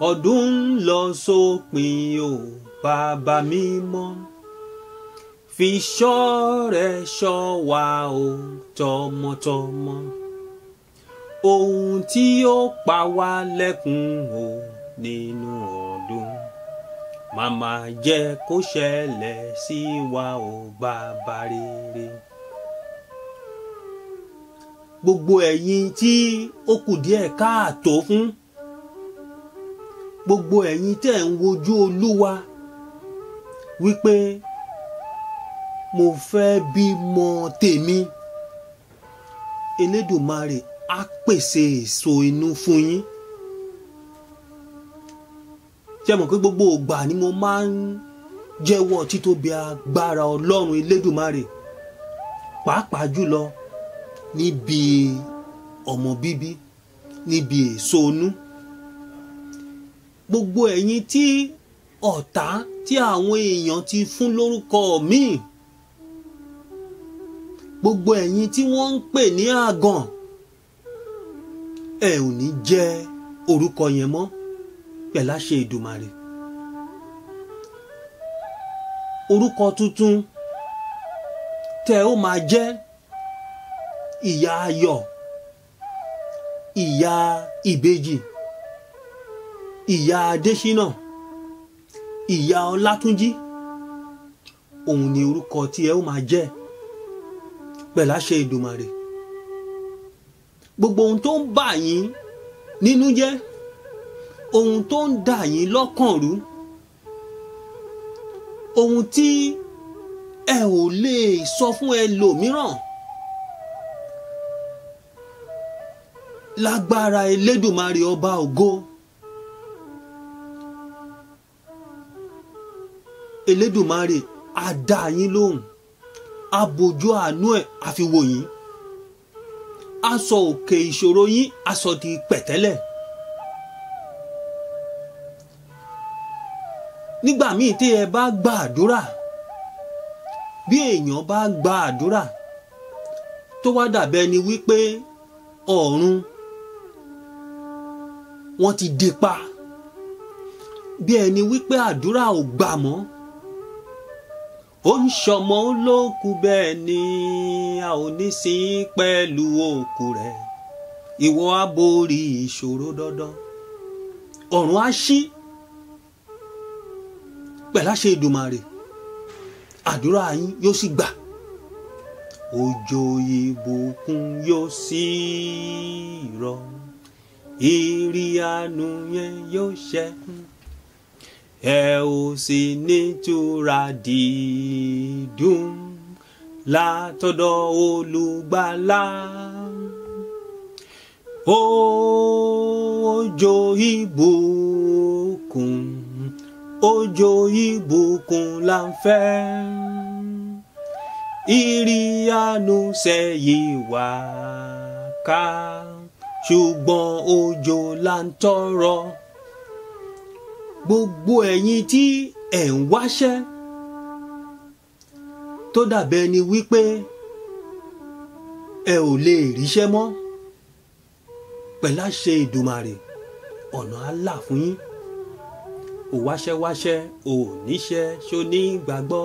ọdún ń lọ sópin o bàbá mímọ́ fi ṣọ́ rẹ ṣọ́ wa o tọmọtọmọ ohun tí ó pa wá lẹ́kùn o nínú ọdún màmá jẹ́ kó ṣẹlẹ̀ sí wa o bàbá rere gbogbo ẹ̀yin tí ó kù díẹ̀ káàtó fún gbogbo ẹ̀yin tẹ́ ń wojú olúwa wípé mo fẹ́ bímọ tèmi elédùmarè á pèsè èso inú fún yín ṣé mọ̀ pé gbogbo ògbà ni mo máa ń jẹ́wọ́ títóbi agbára ọlọ́run elédùmarè pàápàá jùlọ níbi ọmọ bíbí níbi èso inú. E gbogbo ẹ̀yin tí ọ̀tá tí àwọn èèyàn ti fún lórúkọ mi gbogbo ẹ̀yin tí wọ́n ń pè ní àgàn ẹ ò ní jẹ́ orúkọ yẹn mọ́ pẹ̀láṣẹ Èdùmàrè orúkọ tuntun tẹ ó máa jẹ́ ìyá ayọ̀ ìyá ìbejì ìyá adésínà ìyá ọlátúnjí òun ni orúkọ tí ẹ ó máa jẹ́ pẹ̀lú àṣẹ ìdùmàrè gbogbo ohun tó ń bà yín nínú jẹ́ ohun tó ń dà yín lọ́kàn rú ohun tí ẹ ò lè sọ fún ẹlòmíràn lágbára Elédùmarè ọba ògo. elédùnmarè á dá yín lóhùn á bojú àánú ẹ̀ á fi wò yín á sọ òkè ìṣòro yín á sọ di pẹ̀tẹ́lẹ̀. nígbà míì tí ẹ bá gba àdúrà bí èèyàn bá gba àdúrà tó wá dàbẹ́ ni wípé ọ̀run wọ́n ti dè pa bí ẹni wípé àdúrà ò gbà mọ́ ó ń ṣọmọ olóòkú bẹ́ẹ̀ ni a ò ní sin pẹ̀lú òkú rẹ̀ ìwọ á borí ìṣòro dandan ọ̀run á ṣí pẹ̀láṣẹ Èdùmàrè àdúrà yín yóò sì gbà òjò ìbùkún yóò sì rọ̀ ìrì àánú yẹn yóò ṣẹ́kù ẹ ò sì ní túra dídùn látọ̀dọ̀ olùgbàlà òjò ìbùkún òjò ìbùkún là ń fẹ́ ìrìyànú sẹ́yìn wá ká ṣùgbọ́n òjò là ń tọrọ gbogbo ẹ̀yin tí ẹ̀ ń wáṣẹ́ tó dàbẹ́ ni wípé ẹ ò lè ríṣẹ́ mọ́ pẹ̀láṣẹ Èdùmàrè ọ̀nà á là fún yín ò wáṣẹ́wáṣẹ́ ò níṣẹ́ ṣó ní gbàgbọ́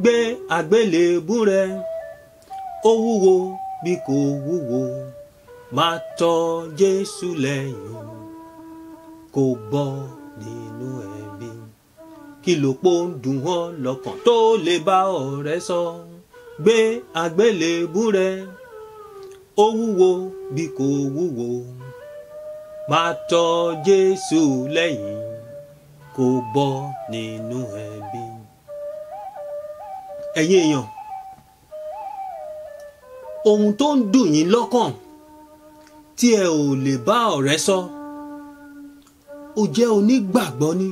gbé àgbélébú rẹ ó wúwo bí kò wúwo máa tọ́ Jésù lẹ́yìn kò bọ́ nínú ẹbí kí ló pò ń dùn ọ́ lọ́kàn tó lè bá ọ̀rẹ́ sọ gbé àgbélébú rẹ ó wúwo bí kò wúwo máa tọ̀ Jésù lẹ́yìn kó bọ́ nínú ẹbí ẹ̀yin èèyàn ohun tó ń dùn yín lọ́kàn tí ẹ ò lè bá ọ̀rẹ́ sọ. So o jẹ́ onígbàgbọ́ ni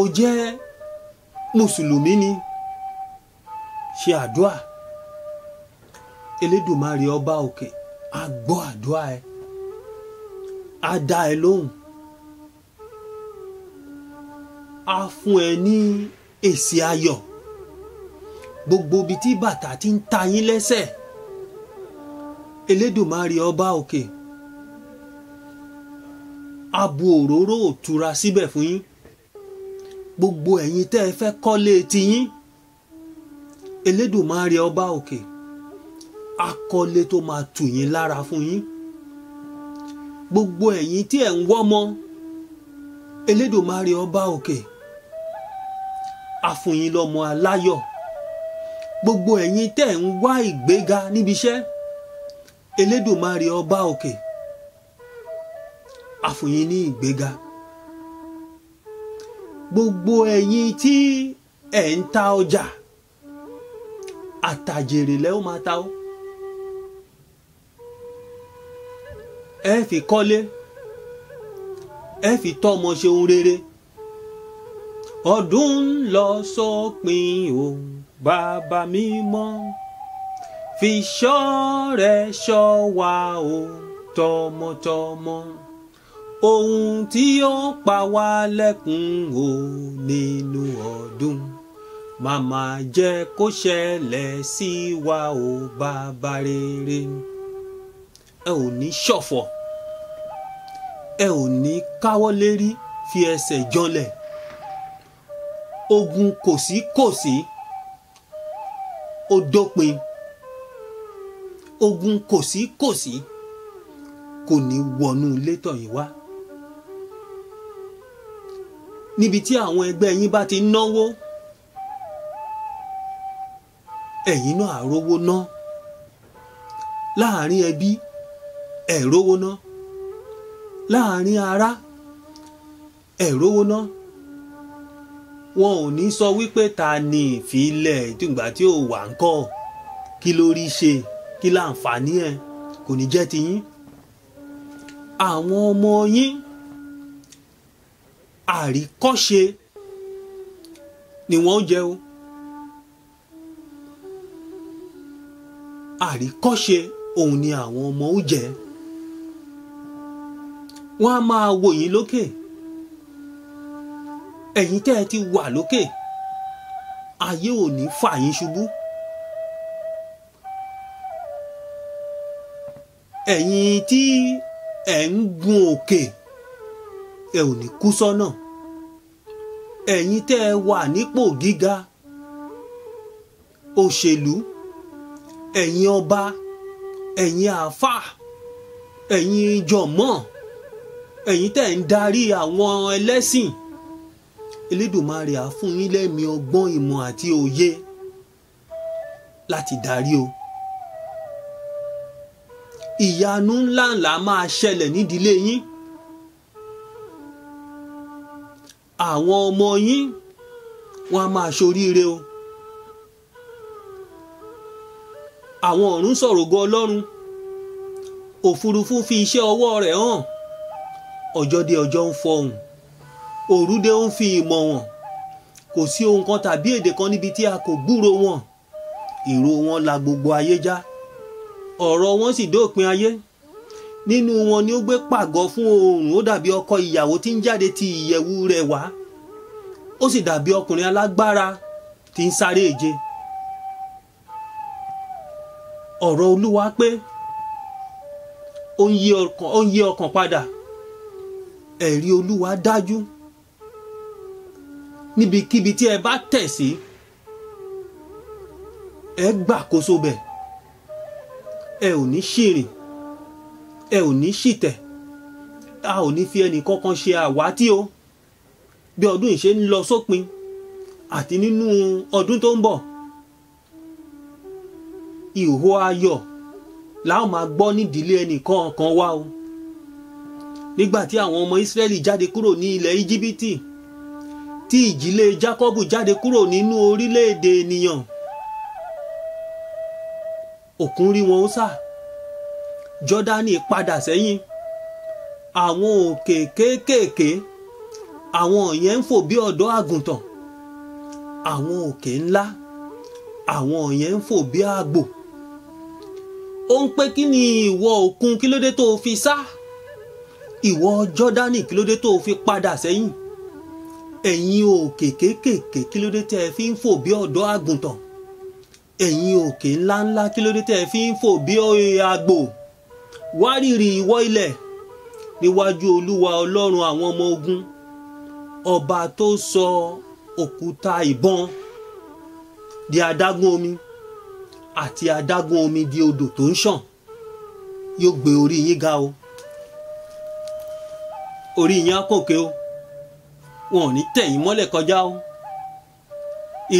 o jẹ́ mùsùlùmí ni ṣe àdúà Elédùmarè ọba òkè á gbọ́ àdúà ẹ á dá ẹ lóhùn á fún ẹ ní èsì ayọ̀ gbogbo ibi tí bàtà ti ń ta yín lẹ́sẹ̀ Elédùmarè ọba òkè. Okay abo òróró òtura síbẹ̀ fún yín gbogbo ẹ̀yin tẹ́ ẹ fẹ́ kọ́lé tiyín Elédùmarè ọba òkè akọ́lé tó máa tù yín lára fún yín gbogbo ẹ̀yin tí ẹ̀ ń wọ́mọ Elédùmarè ọba òkè á fún yín lọ́mọ aláyọ̀ gbogbo ẹ̀yin tẹ́ ń wá ìgbéga níbi iṣẹ́ Elédùmarè ọba òkè. Okay á fún yín ní ìgbéga gbogbo ẹ̀yin tí ẹ̀ ń ta ọjà àtàjèrè lẹ́ ó máa ta ó ẹ fi kọ́lé ẹ fi tọ́mọ ṣe ohun rere ọdún ń lọ sópin o bàbá mímọ́ fi ṣọ́ rẹ̀ ṣọ́ wa o tọmọtọmọ. Tomo, tomo ohun tí ó pa wá lẹ́kùn o nínú ọdún màmá jẹ́ kó ṣẹlẹ̀ sí wa o bàbá rere ẹ ò ní ṣọ̀fọ̀ ẹ ò ní káwọ́ lérí fi ẹsẹ̀ janlẹ̀ ogun kòsíkòsí ó dópin ogun kòsíkòsí kò ní wọnú ilé tọ̀yìn wá níbi tí àwọn ẹgbẹ́ yín bá ti náwó ẹ̀yin náà àrówó ná láàrin ẹbí ẹ̀rówó ná láàrin ará ẹ̀rówó ná wọn ò ní sọ wípé ta ni ìfilẹ̀ ìtùgbà tí ò wà ń kọ́ kí ló rí ṣe kí láǹfààní ẹ kò ní jẹ́ tiyín àwọn ọmọ yín àríkọ́ṣe ni wọ́n jẹ́ o àríkọ́ṣe òun ni àwọn ọmọ ó jẹ́ wọ́n á máa wò yín lókè ẹ̀yin tẹ́ ẹ ti wà lókè ayé ò ní fà yín ṣubú ẹ̀yin tí ẹ̀ ń gun òkè. Okay ẹ ò ní kú sọ́nà ẹ̀yin tẹ́ ẹ wà nípò gíga òṣèlú ẹ̀yin ọba ẹ̀yin àáfàá ẹ̀yin jọ̀mọ́ ẹ̀yin tẹ́ ń darí àwọn ẹlẹ́sìn Elédùmarè á fún yín lẹ́mí ọgbọ́n ìmọ̀ àti òye láti darí o ìyanu ńláńlá máa ṣẹlẹ̀ nídìílé yín. àwọn ọmọ yín wọn a máa ṣoríire o àwọn ọ̀run sọ̀rọ̀gọ ọlọ́run òfurufú fi iṣẹ́ ọwọ́ rẹ̀ hàn ọjọ́ dé ọjọ́ ń fọhùn òru dé ń fi ìmọ̀ wọn kò sí ohun kan tàbí èdè kan níbi tí a kò gbúrò wọn ìró wọn la gbogbo ayé já ọ̀rọ̀ wọn sì dópin ayé nínú wọn ni ó gbé pàgọ́ fún oòrùn ó dàbí ọkọ ìyàwó tí ń jáde ti ìyẹ̀wù rẹ̀ wá ó sì dàbí ọkùnrin alágbára tí ń sáré èje ọ̀rọ̀ olúwa pé ó ń yí ọkàn padà ẹ̀rí olúwa dájú níbikíbi tí ẹ bá tẹ̀ sí ẹ gbàkóso bẹ̀ ẹ ò ní ṣìrìn ẹ ò ní ṣìtẹ̀ a ò ní fi ẹnì kankan ṣe àwátì o bí ọdún yìí ṣe ń lọ sópin àti nínú ọdún tó ń bọ̀ ìhó ayọ̀ láwọn máa gbọ́ nídìílé ẹnìkan kan wá o nígbà tí àwọn ọmọ Ísírẹ́lì jáde kúrò ní ilẹ̀ íjíbítì tí ìjìlé Jákọ́bù jáde kúrò nínú orílẹ̀-èdè ènìyàn òkun rí wọn ó sà Jọ́dánì padà sẹ́yìn àwọn òkè kéékèèké. ke, ke àwọn yẹn ń fò bí ọ̀dọ́ àgùntàn àwọn òkè ńlá àwọn yẹn ń fò bí àgbò ó ń pé kí ni ìwọ òkun kí ló dé tó o fi sá ìwọ Jọ́dánì kí ló dé tó o fi padà sẹ́yìn ẹ̀yin òkè kéékèèké kí ló dé tẹ́ ẹ fi ń fò bí ọ̀dọ́ àgùntàn ẹ̀yin òkè ńláńlá kí ló dé tẹ́ ẹ fi ń fò bí àgbò wárìrì ìwọ ilẹ̀ níwájú Olúwa Ọlọ́run àwọn ọmọ ogun ọba tó sọ òkúta ìbọn di adágún omi àti adágún omi di odò tó ń ṣàn yóò gbé orí yín ga o orí yín á o wọn ò ní tẹ̀yìn mọ́lẹ̀ kọjá o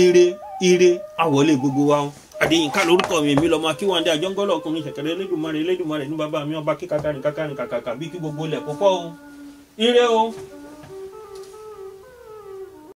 ire ire àwọlé gbogbo wa o àdéyìnká lórúkọ mi èmi lọmọ akíwáńdé àjọngọlọ ọkùnrin ṣẹkẹrẹ elédùnmarè elédùnmarè ní bàbá mi ọba kíkàkàrìn kàkàrìn kàkàkà bí kí gbogbo ilẹ̀ kó o ire o.